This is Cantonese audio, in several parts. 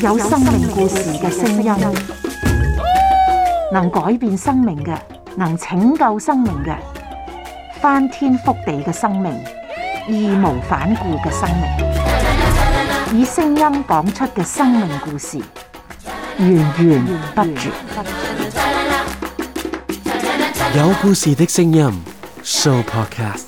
有生命故事嘅聲音，能改變生命嘅，能拯救生命嘅，翻天覆地嘅生命，義無反顧嘅生命，以聲音講出嘅生命故事，源源不絕。有故事嘅聲音，Show Podcast。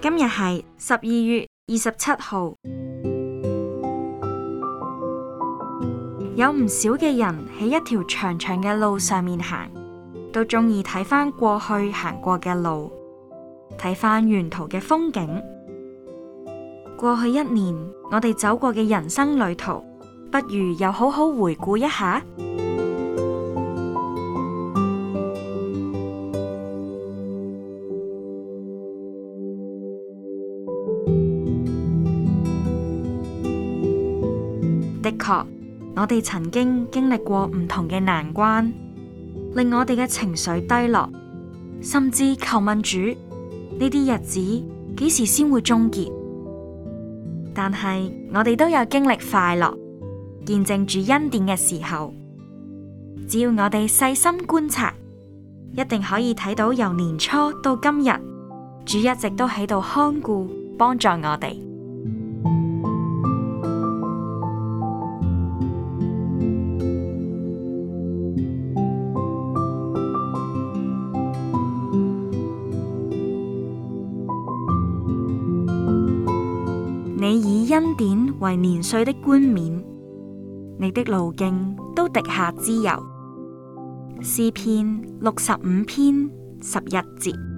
今日係十二月二十七號，有唔少嘅人喺一條長長嘅路上面行，都中意睇翻，過去行過嘅路，睇翻沿途嘅風景。過去一年，我哋走過嘅人生旅途，不如又好好回顧一下。的確，我哋曾經經歷過唔同嘅難關，令我哋嘅情緒低落，甚至求問主，呢啲日子幾時先會終結。但係我哋都有經歷快樂、見證住恩典嘅時候。只要我哋細心觀察，一定可以睇到由年初到今日，主一直都喺度看顧幫助我哋。恩典為年歲的冠冕，你的路徑都滴下脂油。詩篇六十五篇十一節。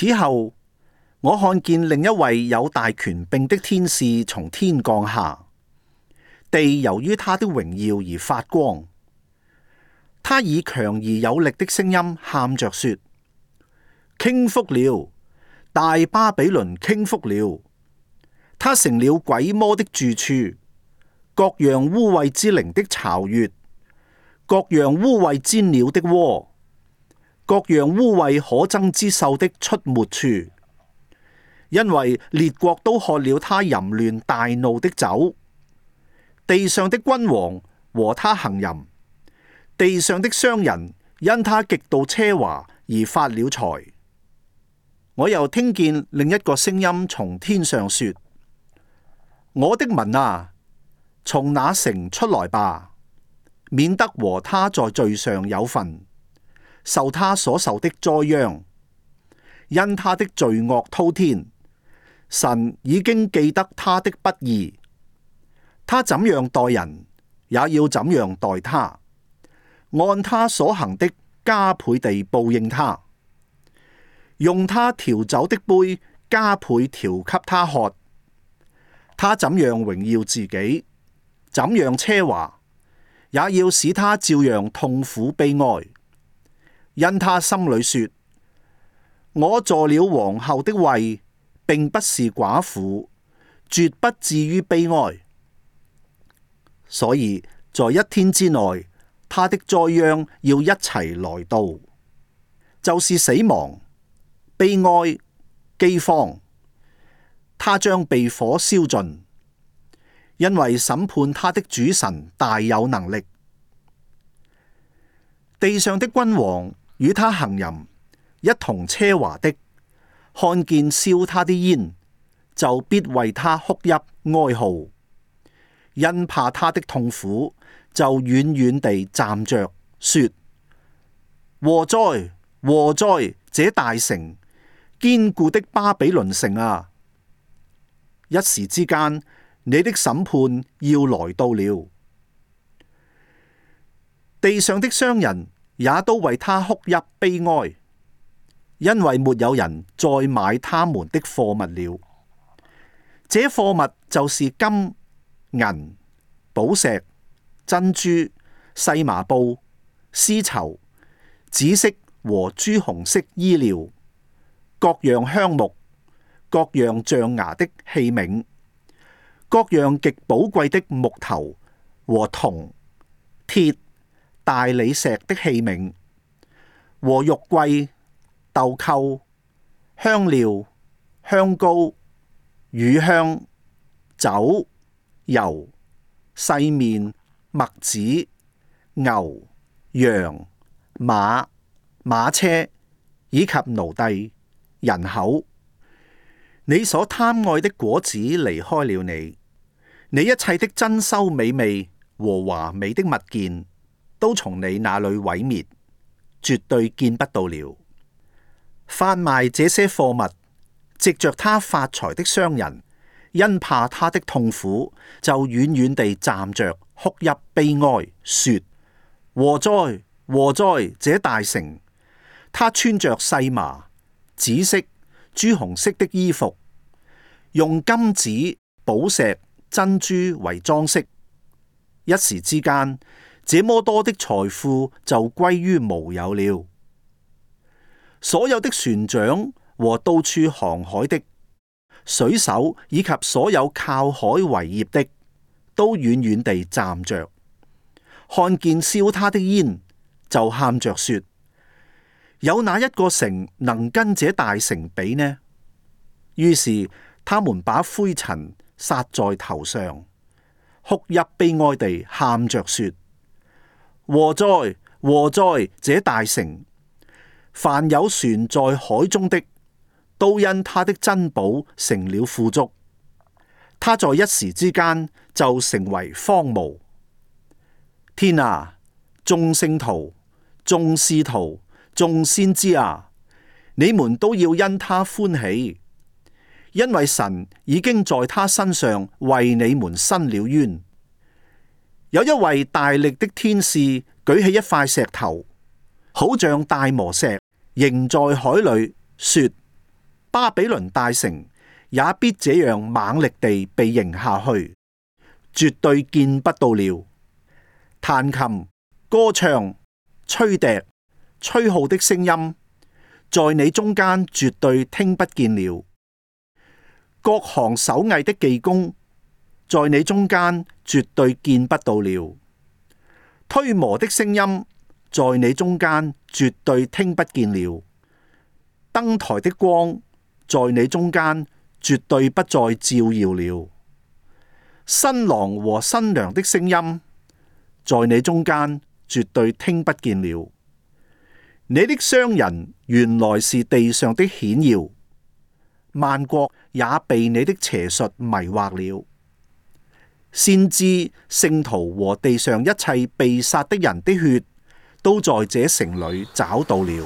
此後，我看見另一位有大權柄的天使從天降下，地由於他的榮耀而發光。他以強而有力的聲音喊着說：傾覆了，大巴比倫傾覆了。他成了鬼魔的住處，各樣污穢之靈的巢穴，各樣污穢之鳥的窩。各樣污穢可憎之獸的出沒處，因為列國都喝了他淫亂大怒的酒，地上的君王和他行淫，地上的商人因他極度奢華而發了財。我又聽見另一個聲音從天上說：我的民啊，從那城出來吧，免得和他在罪上有份。受他所受的災殃，因他的罪惡滔天，神已經記得他的不義。他怎樣待人，也要怎樣待他；按他所行的加倍地報應他，用他調酒的杯加倍調給他喝。他怎樣榮耀自己，怎樣奢華，也要使他照樣痛苦悲哀。因他心裏說：我坐了皇后的位，並不是寡婦，絕不至於悲哀。所以在一天之內，他的災殃要一齊來到，就是死亡、悲哀、饑荒。他將被火燒盡，因為審判他的主神大有能力。地上的君王。與他行淫一同奢華的，看見燒他的煙，就必為他哭泣哀號，因怕他的痛苦，就遠遠地站着說：禍災，禍災！這大城堅固的巴比倫城啊，一時之間，你的審判要來到了。地上的商人。也都為他哭泣悲哀，因為沒有人再買他們的貨物了。這貨物就是金、銀、寶石、珍珠、細麻布、絲綢、紫色和朱紅色衣料、各樣香木、各樣象牙的器皿、各樣極寶貴的木頭和銅、鐵。大理石的器皿和肉桂、豆蔻、香料、香膏、乳香、酒、油、細麵、麥子、牛、羊、馬、馬車以及奴隸人口，你所貪愛的果子離開了你，你一切的珍饈美味和華美的物件。都從你那裏毀滅，絕對見不到了。販賣這些貨物，藉着他發財的商人，因怕他的痛苦，就遠遠地站着哭泣悲哀，說：禍災，禍災！這大城，他穿着細麻、紫色、朱紅色的衣服，用金子、寶石、珍珠為裝飾，一時之間。這麼多的財富就歸於無有了。所有的船長和到處航海的水手，以及所有靠海為業的，都遠遠地站着，看見燒他的煙，就喊着說：有哪一個城能跟這大城比呢？於是他們把灰塵撒在頭上，哭泣悲哀地喊着說。禍災禍災這大城，凡有船在海中的，都因他的珍寶成了富足。他在一時之間就成為荒蕪。天啊，眾聖徒、眾使徒、眾先知啊，你們都要因他歡喜，因為神已經在他身上為你們伸了冤。有一位大力的天使舉起一塊石頭，好像大磨石，扔在海裏，說：巴比倫大城也必這樣猛力地被扔下去，絕對見不到了。彈琴、歌唱、吹笛、吹號的聲音，在你中間絕對聽不見了。各行手藝的技工。在你中間絕對見不到了，推磨的聲音在你中間絕對聽不見了，燈臺的光在你中間絕對不再照耀了。新郎和新娘的聲音在你中間絕對聽不見了。你的商人原來是地上的顯要，萬國也被你的邪術迷惑了。先知聖徒和地上一切被殺的人的血，都在這城裏找到了。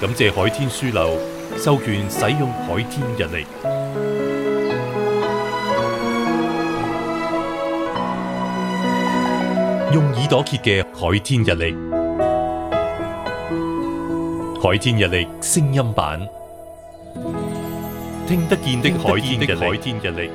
感謝海天書樓授權使用海天日曆，用耳朵揭嘅海天日曆。海天日曆聲音版，聽得見的海天日曆。